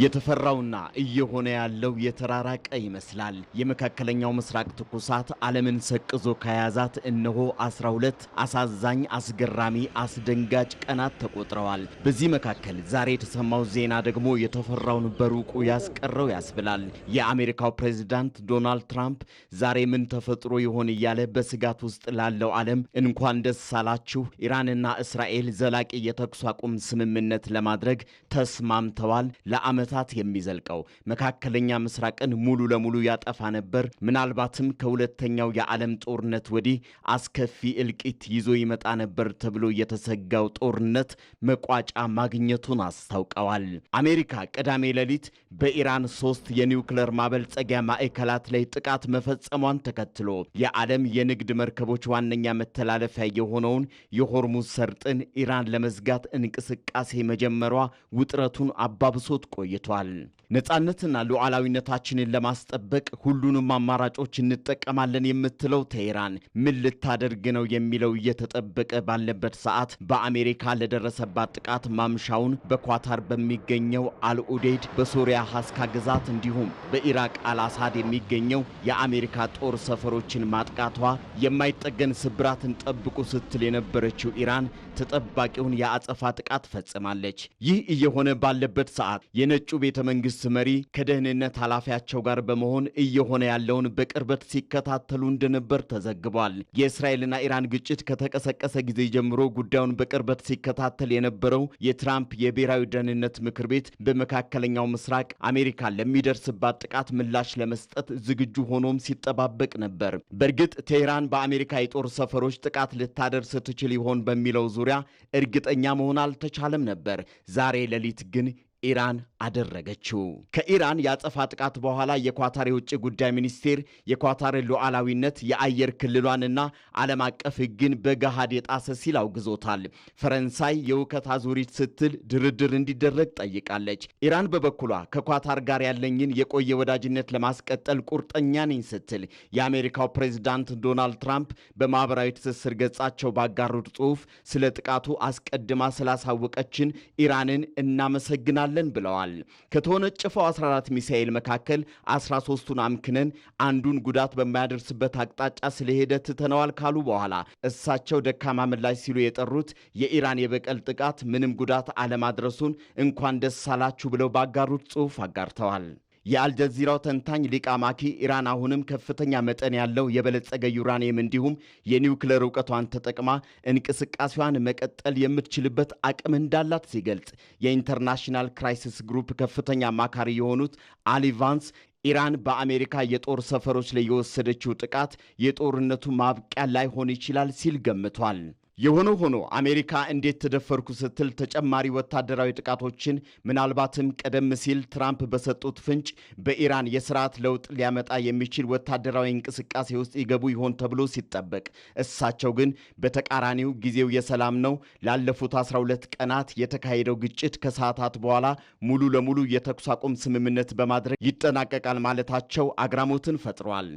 የተፈራውና እየሆነ ያለው የተራራቀ ይመስላል። የመካከለኛው ምስራቅ ትኩሳት ዓለምን ሰቅዞ ከያዛት እነሆ 12 አሳዛኝ፣ አስገራሚ፣ አስደንጋጭ ቀናት ተቆጥረዋል። በዚህ መካከል ዛሬ የተሰማው ዜና ደግሞ የተፈራውን በሩቁ ያስቀረው ያስብላል። የአሜሪካው ፕሬዚዳንት ዶናልድ ትራምፕ ዛሬ ምን ተፈጥሮ ይሆን እያለ በስጋት ውስጥ ላለው ዓለም እንኳን ደስ አላችሁ፣ ኢራንና እስራኤል ዘላቂ የተኩስ አቁም ስምምነት ለማድረግ ተስማምተዋል ለአመ ዓመታት የሚዘልቀው መካከለኛ ምስራቅን ሙሉ ለሙሉ ያጠፋ ነበር። ምናልባትም ከሁለተኛው የዓለም ጦርነት ወዲህ አስከፊ እልቂት ይዞ ይመጣ ነበር ተብሎ የተሰጋው ጦርነት መቋጫ ማግኘቱን አስታውቀዋል። አሜሪካ ቅዳሜ ሌሊት በኢራን ሶስት የኒውክለር ማበልጸጊያ ማዕከላት ላይ ጥቃት መፈጸሟን ተከትሎ የዓለም የንግድ መርከቦች ዋነኛ መተላለፊያ የሆነውን የሆርሙዝ ሰርጥን ኢራን ለመዝጋት እንቅስቃሴ መጀመሯ ውጥረቱን አባብሶት ቆይ ቆይቷል። ነፃነትና ሉዓላዊነታችንን ለማስጠበቅ ሁሉንም አማራጮች እንጠቀማለን የምትለው ቴህራን ምን ልታደርግ ነው የሚለው እየተጠበቀ ባለበት ሰዓት በአሜሪካ ለደረሰባት ጥቃት ማምሻውን በኳታር በሚገኘው አልኡዴድ በሶሪያ ሀስካ ግዛት እንዲሁም በኢራቅ አልአሳድ የሚገኘው የአሜሪካ ጦር ሰፈሮችን ማጥቃቷ የማይጠገን ስብራትን ጠብቁ ስትል የነበረችው ኢራን ተጠባቂውን የአጸፋ ጥቃት ፈጽማለች። ይህ እየሆነ ባለበት ሰዓት የነ የነጩ ቤተ መንግስት መሪ ከደህንነት ኃላፊያቸው ጋር በመሆን እየሆነ ያለውን በቅርበት ሲከታተሉ እንደነበር ተዘግቧል። የእስራኤልና ኢራን ግጭት ከተቀሰቀሰ ጊዜ ጀምሮ ጉዳዩን በቅርበት ሲከታተል የነበረው የትራምፕ የብሔራዊ ደህንነት ምክር ቤት በመካከለኛው ምስራቅ አሜሪካ ለሚደርስባት ጥቃት ምላሽ ለመስጠት ዝግጁ ሆኖም ሲጠባበቅ ነበር። በእርግጥ ቴህራን በአሜሪካ የጦር ሰፈሮች ጥቃት ልታደርስ ትችል ይሆን በሚለው ዙሪያ እርግጠኛ መሆን አልተቻለም ነበር። ዛሬ ሌሊት ግን ኢራን አደረገችው። ከኢራን የአጸፋ ጥቃት በኋላ የኳታር የውጭ ጉዳይ ሚኒስቴር የኳታርን ሉዓላዊነት የአየር ክልሏንና ዓለም አቀፍ ሕግን በገሃድ የጣሰ ሲል አውግዞታል። ፈረንሳይ የውከት አዙሪት ስትል ድርድር እንዲደረግ ጠይቃለች። ኢራን በበኩሏ ከኳታር ጋር ያለኝን የቆየ ወዳጅነት ለማስቀጠል ቁርጠኛ ነኝ ስትል የአሜሪካው ፕሬዚዳንት ዶናልድ ትራምፕ በማኅበራዊ ትስስር ገጻቸው ባጋሩት ጽሑፍ ስለ ጥቃቱ አስቀድማ ስላሳወቀችን ኢራንን እናመሰግናል እንሰራለን ብለዋል። ከተወነጨፈው 14 ሚሳኤል መካከል 13ቱን አምክነን አንዱን ጉዳት በማያደርስበት አቅጣጫ ስለሄደ ትተነዋል ካሉ በኋላ እሳቸው ደካማ ምላሽ ሲሉ የጠሩት የኢራን የበቀል ጥቃት ምንም ጉዳት አለማድረሱን እንኳን ደስ አላችሁ ብለው ባጋሩት ጽሑፍ አጋርተዋል። የአልጀዚራው ተንታኝ ማኪ ኢራን አሁንም ከፍተኛ መጠን ያለው የበለጸገ ዩራኒየም እንዲሁም የኒውክለር እውቀቷን ተጠቅማ እንቅስቃሴዋን መቀጠል የምትችልበት አቅም እንዳላት ሲገልጽ የኢንተርናሽናል ክራይሲስ ግሩፕ ከፍተኛ አማካሪ የሆኑት አሊ ቫንስ ኢራን በአሜሪካ የጦር ሰፈሮች ላይ የወሰደችው ጥቃት የጦርነቱ ማብቂያ ላይሆን ይችላል ሲል ገምቷል። የሆነ ሆኖ አሜሪካ እንዴት ተደፈርኩ ስትል ተጨማሪ ወታደራዊ ጥቃቶችን ምናልባትም ቀደም ሲል ትራምፕ በሰጡት ፍንጭ በኢራን የስርዓት ለውጥ ሊያመጣ የሚችል ወታደራዊ እንቅስቃሴ ውስጥ ይገቡ ይሆን ተብሎ ሲጠበቅ፣ እሳቸው ግን በተቃራኒው ጊዜው የሰላም ነው፣ ላለፉት 12 ቀናት የተካሄደው ግጭት ከሰዓታት በኋላ ሙሉ ለሙሉ የተኩስ አቁም ስምምነት በማድረግ ይጠናቀቃል ማለታቸው አግራሞትን ፈጥሯል።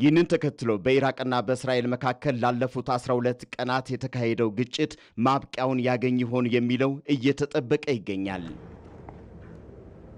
ይህንን ተከትሎ በኢራቅና በእስራኤል መካከል ላለፉት 12 ቀናት የተካሄደው ግጭት ማብቂያውን ያገኝ ይሆን የሚለው እየተጠበቀ ይገኛል።